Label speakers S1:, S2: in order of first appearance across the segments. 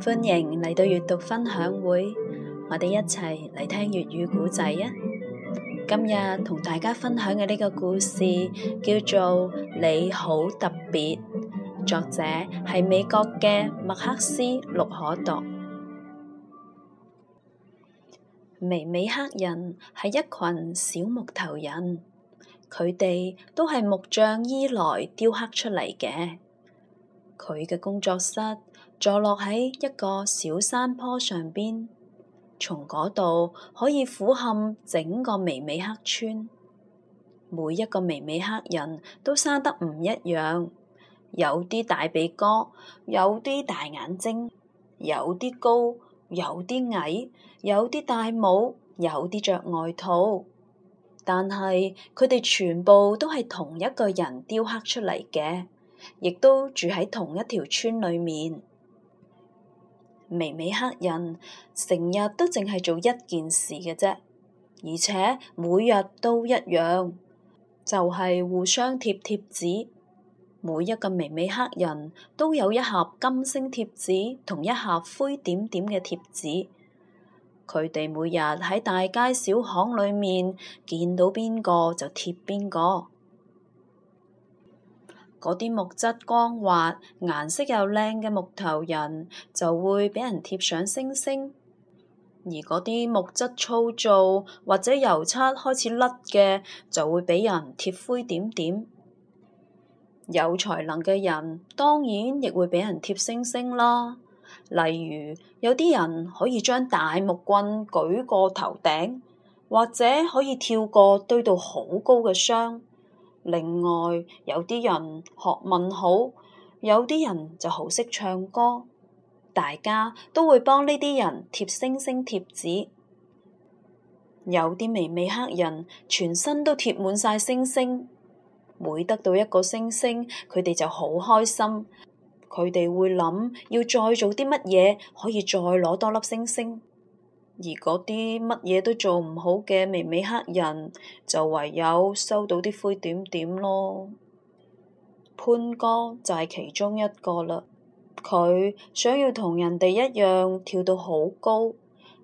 S1: 歡迎嚟到閱讀分享會，我哋一齊嚟聽粵語古仔啊！今日同大家分享嘅呢個故事叫做《你很特別》，作者係美國嘅麥克斯·陸可鐸。微微黑人係一群小木頭人，佢哋都係木匠依來雕刻出嚟嘅。佢嘅工作室坐落喺一個小山坡上邊，從嗰度可以俯瞰整個微美克村。每一個微美克人都生得唔一樣，有啲大鼻哥，有啲大眼睛，有啲高，有啲矮，有啲戴帽，有啲着外套，但係佢哋全部都係同一個人雕刻出嚟嘅。亦都住喺同一條村裏面，微微黑人成日都淨係做一件事嘅啫，而且每日都一樣，就係互相貼貼紙。每一個微微黑人都有一盒金星貼紙同一盒灰點點嘅貼紙，佢哋每日喺大街小巷裏面見到邊個就貼邊個。嗰啲木質光滑、顏色又靚嘅木頭人就會畀人貼上星星，而嗰啲木質粗糙或者油漆開始甩嘅就會畀人貼灰點點。有才能嘅人當然亦會畀人貼星星啦。例如，有啲人可以將大木棍舉過頭頂，或者可以跳過堆到好高嘅箱。另外有啲人學問好，有啲人就好識唱歌，大家都會幫呢啲人貼星星貼紙。有啲微美克人全身都貼滿晒星星，每得到一個星星，佢哋就好開心。佢哋會諗要再做啲乜嘢可以再攞多粒星星。而嗰啲乜嘢都做唔好嘅微微黑人，就唯有收到啲灰點點咯。潘哥就係其中一個啦。佢想要同人哋一樣跳到好高，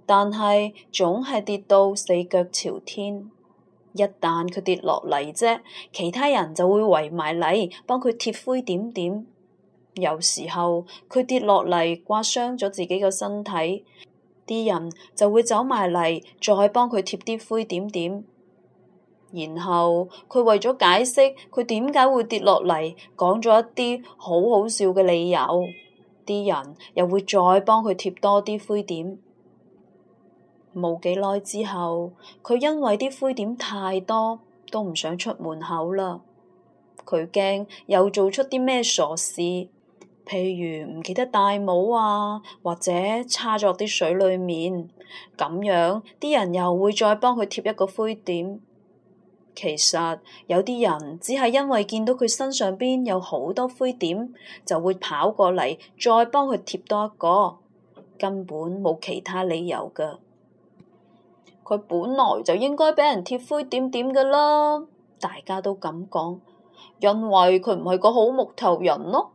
S1: 但係總係跌到四腳朝天。一旦佢跌落嚟啫，其他人就會圍埋嚟幫佢貼灰點點，有時候佢跌落嚟刮傷咗自己嘅身體。啲人就會走埋嚟，再幫佢貼啲灰點點。然後佢為咗解釋佢點解會跌落嚟，講咗一啲好好笑嘅理由。啲人又會再幫佢貼多啲灰點。冇幾耐之後，佢因為啲灰點太多，都唔想出門口啦。佢驚又做出啲咩傻事。譬如唔記得戴帽啊，或者叉咗啲水裏面咁樣，啲人又會再幫佢貼一個灰點。其實有啲人只係因為見到佢身上邊有好多灰點，就會跑過嚟再幫佢貼多一個，根本冇其他理由噶。佢本來就應該俾人貼灰點點噶啦，大家都咁講，因為佢唔係個好木頭人咯。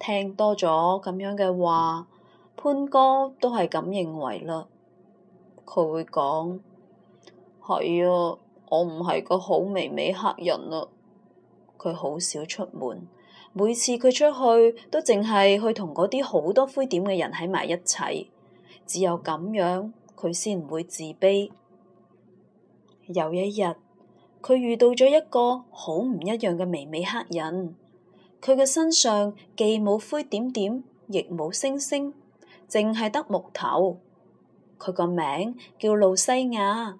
S1: 聽多咗咁樣嘅話，潘哥都係咁認為嘞。佢會講：係啊，我唔係個好微微黑人啦、啊。佢好少出門，每次佢出去都淨係去同嗰啲好多灰點嘅人喺埋一齊。只有咁樣，佢先唔會自卑。有一日，佢遇到咗一個好唔一樣嘅微微黑人。佢嘅身上既冇灰點點，亦冇星星，淨係得木頭。佢個名叫露西亞，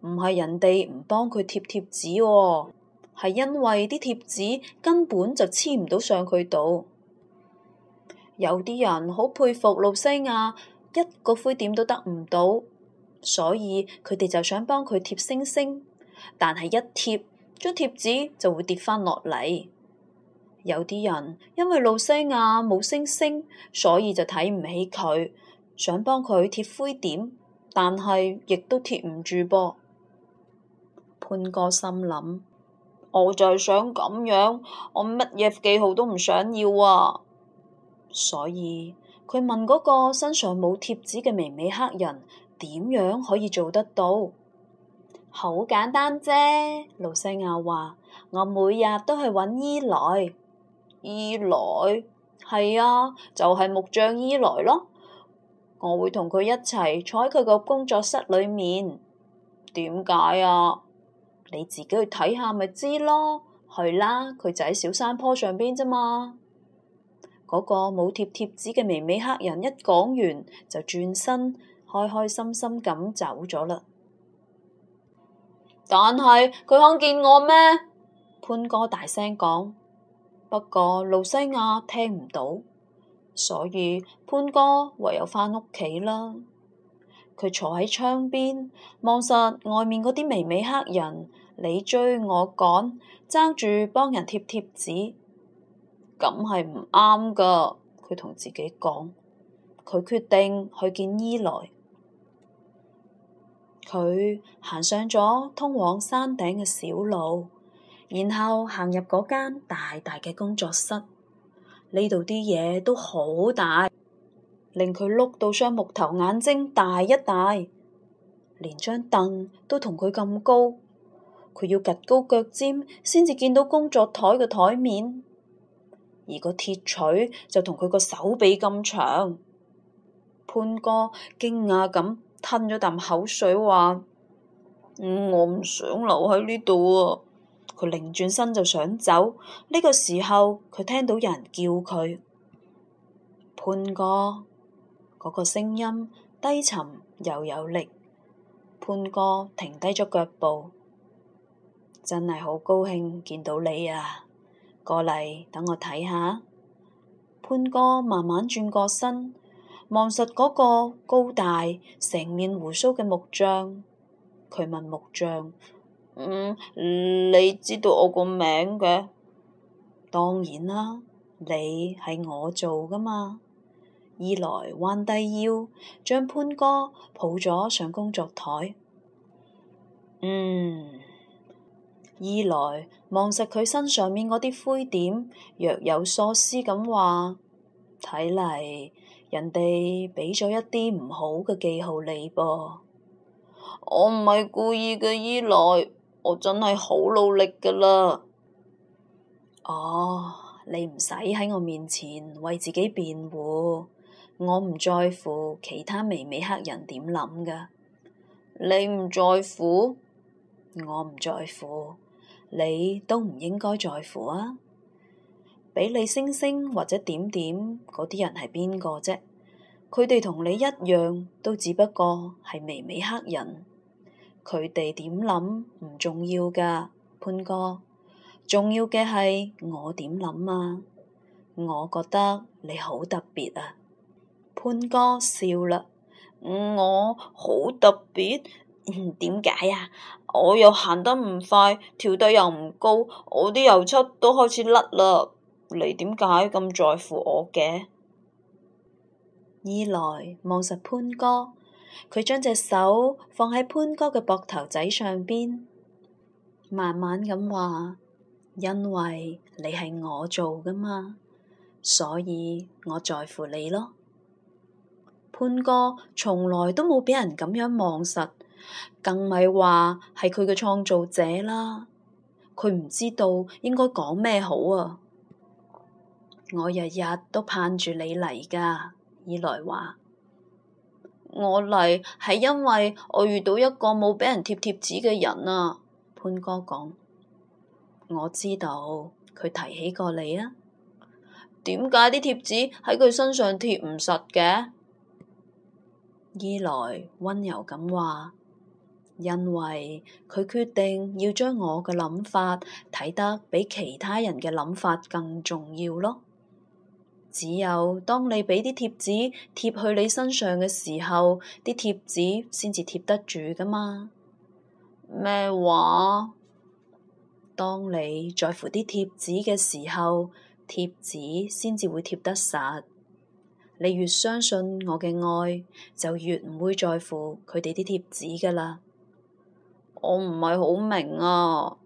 S1: 唔係人哋唔幫佢貼貼紙喎、哦，係因為啲貼紙根本就黐唔到上佢度。有啲人好佩服露西亞一個灰點都得唔到，所以佢哋就想幫佢貼星星，但係一貼張貼紙就會跌返落嚟。有啲人因為露西亞冇星星，所以就睇唔起佢，想幫佢貼灰點，但係亦都貼唔住噃。胖哥心諗，我就係想咁樣，我乜嘢記號都唔想要啊。所以佢問嗰個身上冇貼紙嘅微微黑人點樣可以做得到？好簡單啫，露西亞話：我每日都去揾伊萊。伊萊，係啊，就係、是、木匠伊萊咯。我會同佢一齊坐喺佢個工作室裏面。點解啊？你自己去睇下咪知咯。係啦、啊，佢就喺小山坡上邊啫嘛。嗰、那個冇貼貼紙嘅微微黑人一講完就轉身，開開心心咁走咗啦。但係佢肯見我咩？潘哥大聲講。不過，露西亞聽唔到，所以潘哥唯有返屋企啦。佢坐喺窗邊望實外面嗰啲微微黑人，你追我趕，爭住幫人貼貼紙，咁係唔啱噶。佢同自己講，佢決定去見伊萊。佢行上咗通往山頂嘅小路。然後行入嗰間大大嘅工作室，呢度啲嘢,都好大，令佢碌到雙木頭眼睛大一大，連張凳都同佢咁高，佢要趷高腳尖先至見到工作台嘅台面，而個鐵錘就同佢個手臂咁長。潘哥驚訝咁吞咗啖口水，話，嗯：我唔想留喺呢度啊！佢擰轉身就想走，呢個時候佢聽到有人叫佢潘哥，嗰個聲音低沉又有力。潘哥停低咗腳步，真係好高興見到你啊！過嚟，等我睇下。潘哥慢慢轉過身，望實嗰個高大、成面鬍鬚嘅木匠。佢問木匠。嗯，你知道我個名嘅？當然啦，你係我做噶嘛。二來彎低腰，將潘哥抱咗上工作台。嗯，二來望實佢身上面嗰啲灰點，若有所思咁話：睇嚟人哋畀咗一啲唔好嘅記號你噃。我唔係故意嘅，二來。我真係好努力噶啦。哦，oh, 你唔使喺我面前為自己辯護，我唔在乎其他微美克人點諗噶。你唔在乎？我唔在乎，你都唔應該在乎啊。畀你星星或者點點嗰啲人係邊個啫？佢哋同你一樣，都只不過係微美克人。佢哋點諗唔重要㗎，潘哥，重要嘅係我點諗啊？我覺得你好特別啊，潘哥笑啦，我好特別？點解啊？我又行得唔快，跳得又唔高，我啲油漆都開始甩啦，你點解咁在乎我嘅？二來望實潘哥。佢將隻手放喺潘哥嘅膊頭仔上邊，慢慢咁話：因為你係我做噶嘛，所以我在乎你咯。潘哥從來都冇俾人咁樣望實，更咪話係佢嘅創造者啦。佢唔知道應該講咩好啊！我日日都盼住你嚟噶，以來話。我嚟係因為我遇到一個冇畀人貼貼紙嘅人啊，潘哥講。我知道佢提起過你啊，點解啲貼紙喺佢身上貼唔實嘅？伊萊溫柔咁話，因為佢決定要將我嘅諗法睇得比其他人嘅諗法更重要咯。只有當你畀啲貼紙貼去你身上嘅時候，啲貼紙先至貼得住㗎嘛？咩話？當你在乎啲貼紙嘅時候，貼紙先至會貼得實。你越相信我嘅愛，就越唔會在乎佢哋啲貼紙㗎喇。我唔係好明啊。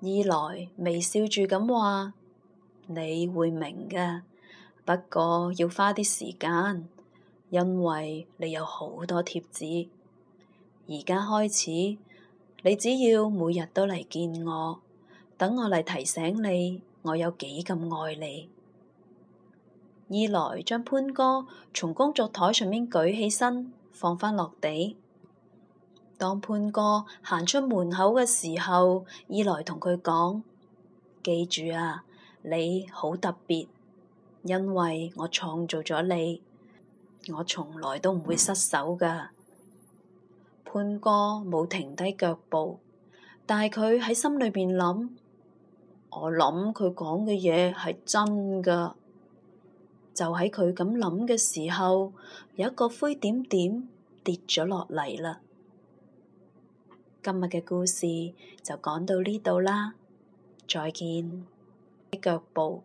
S1: 二來微笑住咁話。你會明㗎，不過要花啲時間，因為你有好多貼紙。而家開始，你只要每日都嚟見我，等我嚟提醒你，我有幾咁愛你。二來將潘哥從工作台上面舉起身，放返落地。當潘哥行出門口嘅時候，二來同佢講，記住啊！你好特別，因為我創造咗你，我從來都唔會失手㗎。潘哥冇停低腳步，但係佢喺心裏邊諗，我諗佢講嘅嘢係真㗎。就喺佢咁諗嘅時候，有一個灰點點跌咗落嚟啦。今日嘅故事就講到呢度啦，再見。腳步。